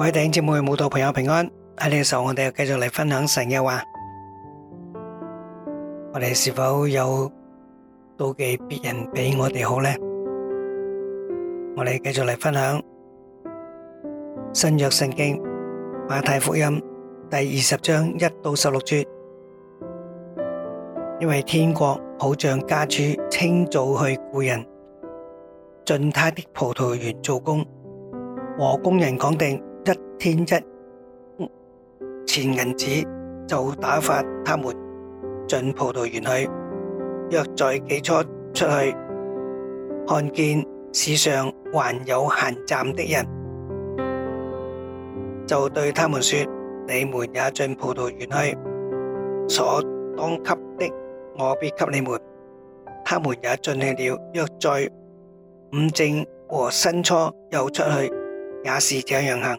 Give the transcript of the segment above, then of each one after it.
各位弟兄姊妹、信徒朋友平安！喺呢個時候，我哋繼續嚟分享神嘅話。我哋是否有妒忌別人比我哋好呢？我哋繼續嚟分享新約聖經馬太福音第二十章一到十六節。因為天國好像家主清早去僱人，進他的葡萄園做工，和工人講定。天一錢銀子就打發他們進葡萄園去。約在巳初出去，看見市上還有閒站的人，就對他們說：你們也進葡萄園去。所當給的，我必給你們。他們也進去了。約在午正和申初又出去，也是這樣行。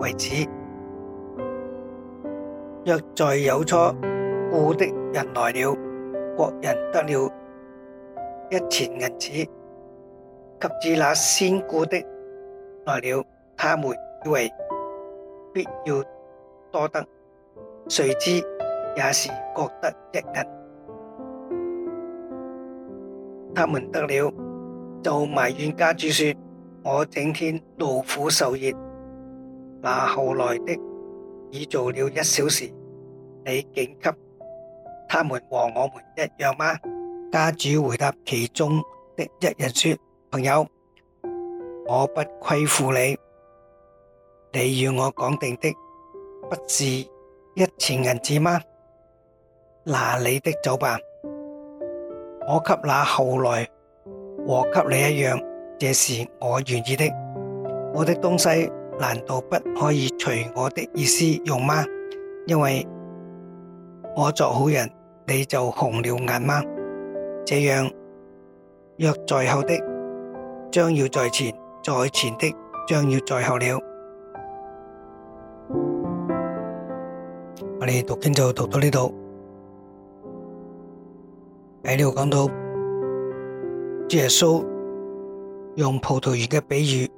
為止，若再有初故的人來了，各人得了一錢銀子，及至那先故的來了，他們以為必要多得，誰知也是覺得的銀，他們得了就埋怨家主說：我整天勞苦受熱。那後來的已做了一小時，你竟給他們和我們一樣嗎？家主回答其中的一人說：朋友，我不虧負你，你要我講定的不是一錢銀子嗎？拿你的走吧，我給那後來和給你一樣，這是我願意的，我的東西。難道不可以隨我的意思用嗎？因為我作好人，你就紅了眼嗎？這樣，若在後的將要在前，在前的將要在後了。我哋讀經就讀到呢度，喺呢度講到耶穌用葡萄園嘅比喻。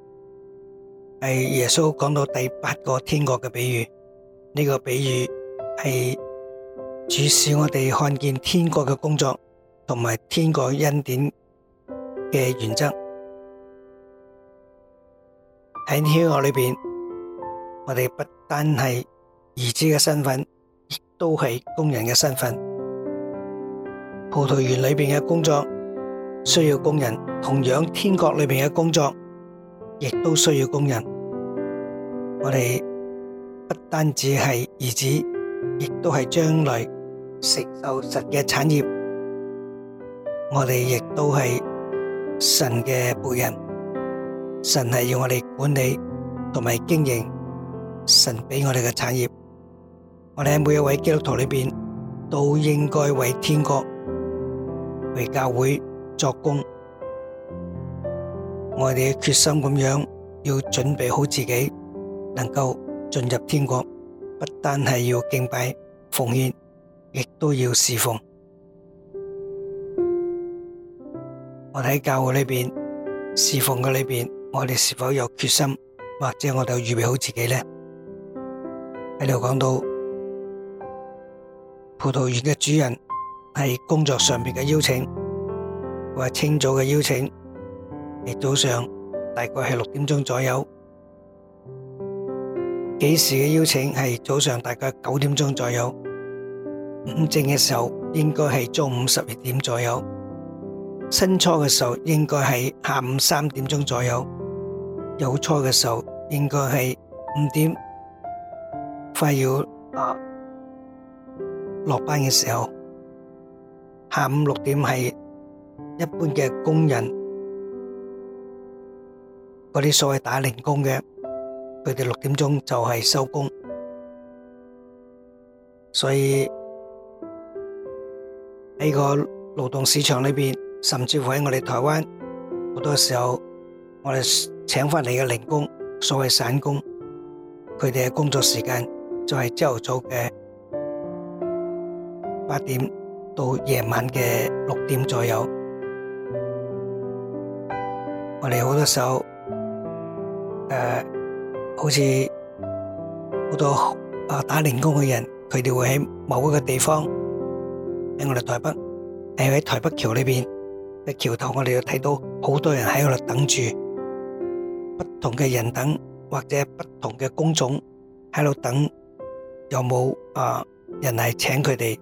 係耶穌講到第八個天國嘅比喻。呢、這個比喻係主使我哋看見天國嘅工作同埋天國恩典嘅原則。喺天國裏面，我哋不單係兒子嘅身份，亦都係工人嘅身份。葡萄園裏面嘅工作需要工人，同樣天國裏面嘅工作亦都需要工人。我哋不單止係兒子，亦都係將來承受神嘅產業。我哋亦都係神嘅僕人，神係要我哋管理同埋經營神俾我哋嘅產業。我哋喺每一位基督徒裏邊，都應該為天國、為教會作工。我哋決心咁樣要準備好自己。能夠進入天國，不單係要敬拜奉獻，亦都要侍奉。我喺教會裏邊侍奉嘅裏邊，我哋是否有決心，或者我哋有預備好自己呢？喺度講到葡萄園嘅主人係工作上邊嘅邀請，或清早嘅邀請，係早上大概係六點鐘左右。幾時嘅邀請係早上大概九點鐘左右，午正嘅時候應該係中午十二點左右，新初嘅時候應該係下午三點鐘左右，有初嘅時候應該係五點，快要落班嘅時候，下午六點係一般嘅工人，嗰啲所謂打零工嘅。佢哋六點鐘就係收工，所以喺個勞動市場裏邊，甚至乎喺我哋台灣，好多時候我哋請返嚟嘅零工，所謂散工，佢哋嘅工作時間就係朝頭早嘅八點到夜晚嘅六點左右，我哋好多時候誒。好似好多啊打零工嘅人，佢哋會喺某一個地方，喺我哋台北，係喺台北橋裏邊喺橋頭，我哋要睇到好多人喺嗰度等住，不同嘅人等，或者不同嘅工種喺度等，有冇啊人係請佢哋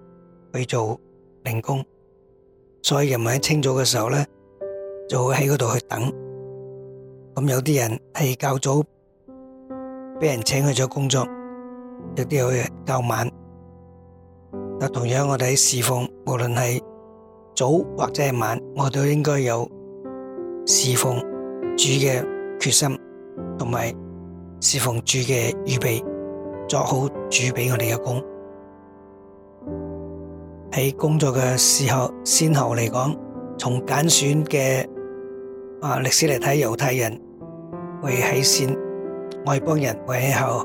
去做零工，所以人民喺清早嘅時候咧，就會喺嗰度去等。咁有啲人係較早。俾人請去咗工作，有啲有人較晚。但同樣我哋喺侍奉，無論係早或者係晚，我們都應該有侍奉主嘅決心，同埋侍奉主嘅預備，做好主俾我哋嘅工。喺工作嘅時候先後嚟講，從揀選嘅啊歷史嚟睇，猶太人會喺先。外邦人為後，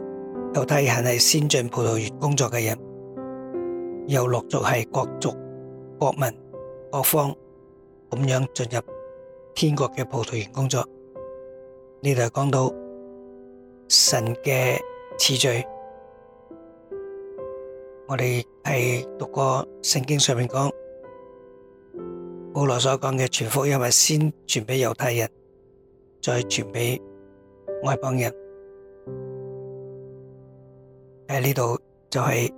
喺呢度就係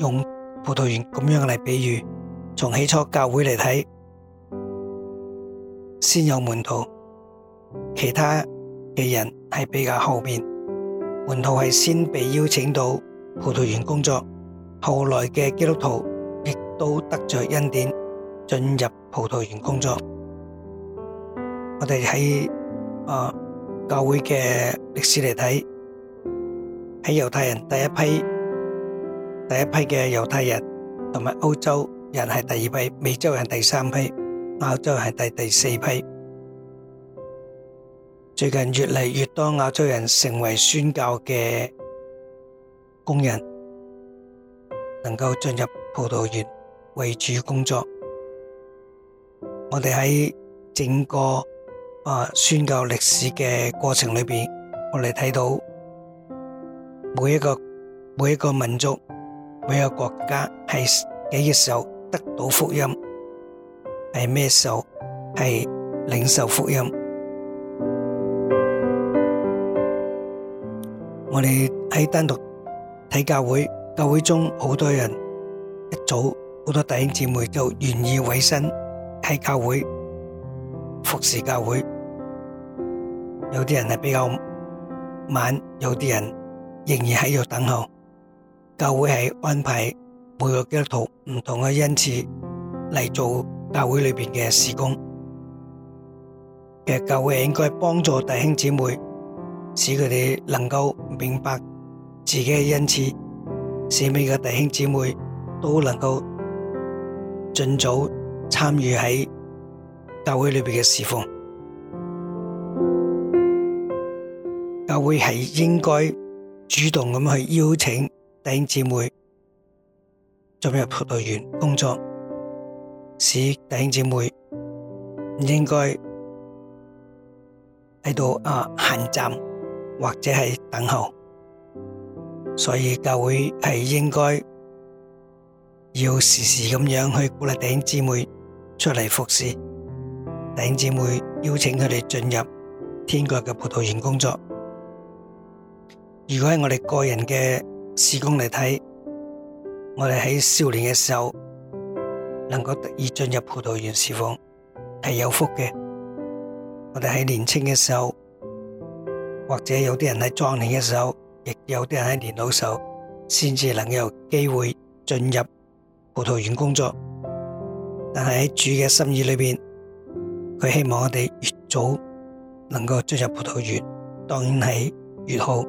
用葡萄園咁樣嚟比喻，從起初教會嚟睇，先有門徒，其他嘅人係比較後邊，門徒係先被邀請到葡萄園工作，後來嘅基督徒亦都得着恩典進入葡萄園工作。我哋喺啊教會嘅歷史嚟睇。喺猶太人第一批，第一批嘅猶太人同埋歐洲人係第二批，美洲人第三批，亞洲係第第四批。最近越嚟越多亞洲人成為宣教嘅工人，能夠進入葡萄園為主工作。我哋喺整個啊宣教歷史嘅過程裏邊，我哋睇到。每一個每一個民族，每一個國家，係幾嘅時候得到福音？係咩時候？係領受福音？我哋喺單獨睇教會，教會中好多人一早好多弟兄姊妹就願意委身喺教會服侍教會，有啲人係比較晚，有啲人。仍然喺度等候，教會係安排每個基督徒唔同嘅恩賜嚟做教會裏邊嘅事工。嘅教會係應該幫助弟兄姊妹，使佢哋能夠明白自己嘅恩賜，使每個弟兄姊妹都能夠盡早參與喺教會裏邊嘅事奉。教會係應該。主動咁去邀請弟兄姊妹進入葡萄園工作，使弟兄姊妹唔應該喺度啊閒站或者係等候。所以教會係應該要時時咁樣去鼓勵弟兄姊妹出嚟服侍，弟兄姊妹邀請佢哋進入天國嘅葡萄園工作。如果喺我哋個人嘅事工嚟睇，我哋喺少年嘅時候能夠得以進入葡萄園侍奉，係有福嘅。我哋喺年青嘅時候，或者有啲人喺壯年嘅時候，亦有啲人喺年老嘅時候，先至能有機會進入葡萄園工作。但係喺主嘅心意裏邊，佢希望我哋越早能夠進入葡萄園，當然係越好。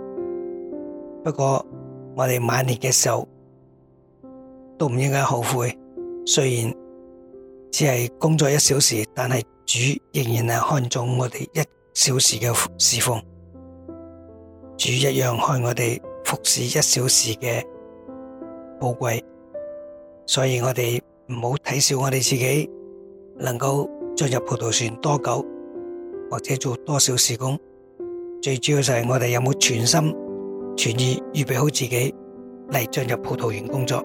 不過我哋晚年嘅時候都唔應該後悔，雖然只係工作一小時，但係主仍然係看重我哋一小時嘅侍奉，主一樣看我哋服侍一小時嘅寶貴，所以我哋唔好睇小我哋自己能夠進入葡萄船多久，或者做多少時工，最主要就係我哋有冇全心。全意預備好自己嚟進入葡萄園工作。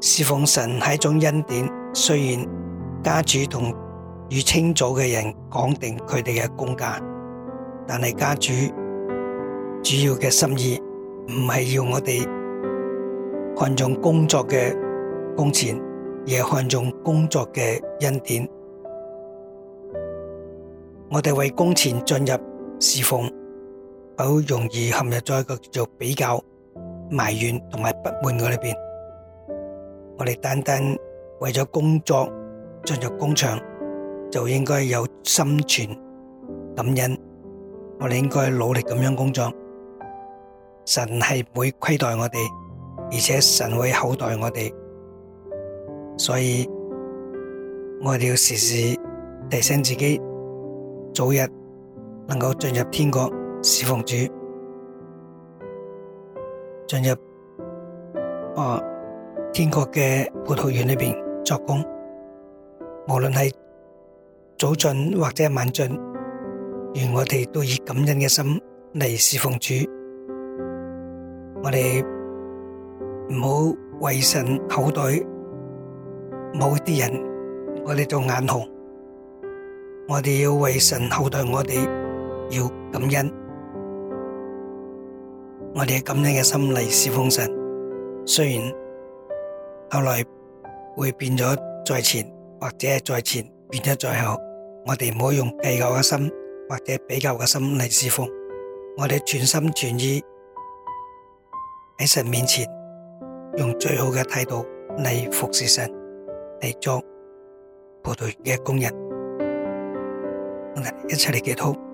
侍奉神係一種恩典，雖然家主同與清早嘅人講定佢哋嘅工價，但係家主主要嘅心意唔係要我哋看重工作嘅工錢，而係看重工作嘅恩典。我哋為工錢進入。侍奉容易陷入在一個叫做比較、埋怨同埋不滿嘅裏邊。我哋單單為咗工作進入工場，就應該有心存感恩，我哋應該努力咁樣工作。神係唔會虧待我哋，而且神會厚待我哋，所以我哋要時時提醒自己早日，能夠進入天國侍奉主，進入，啊，要感恩，我哋以感恩嘅心嚟侍奉神。雖然後來會變咗在前，或者係在前變咗在後，我哋唔好用計較嘅心，或者比較嘅心嚟侍奉。我哋全心全意喺神面前，用最好嘅態度嚟服侍神，嚟作葡萄園嘅工人。我哋一齊嚟祈禱。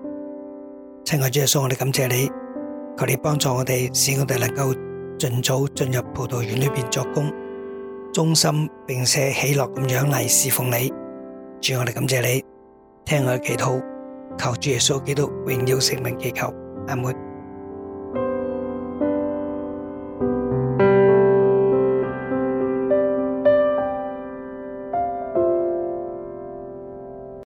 親愛的主耶穌，我哋感謝你，求你幫助我哋，使我哋能夠盡早進入葡萄園裏面作工，忠心並且喜樂咁樣嚟侍奉你。主，我哋感謝你，聽我嘅祈禱，求主耶穌基督榮耀聖名，祈求阿門。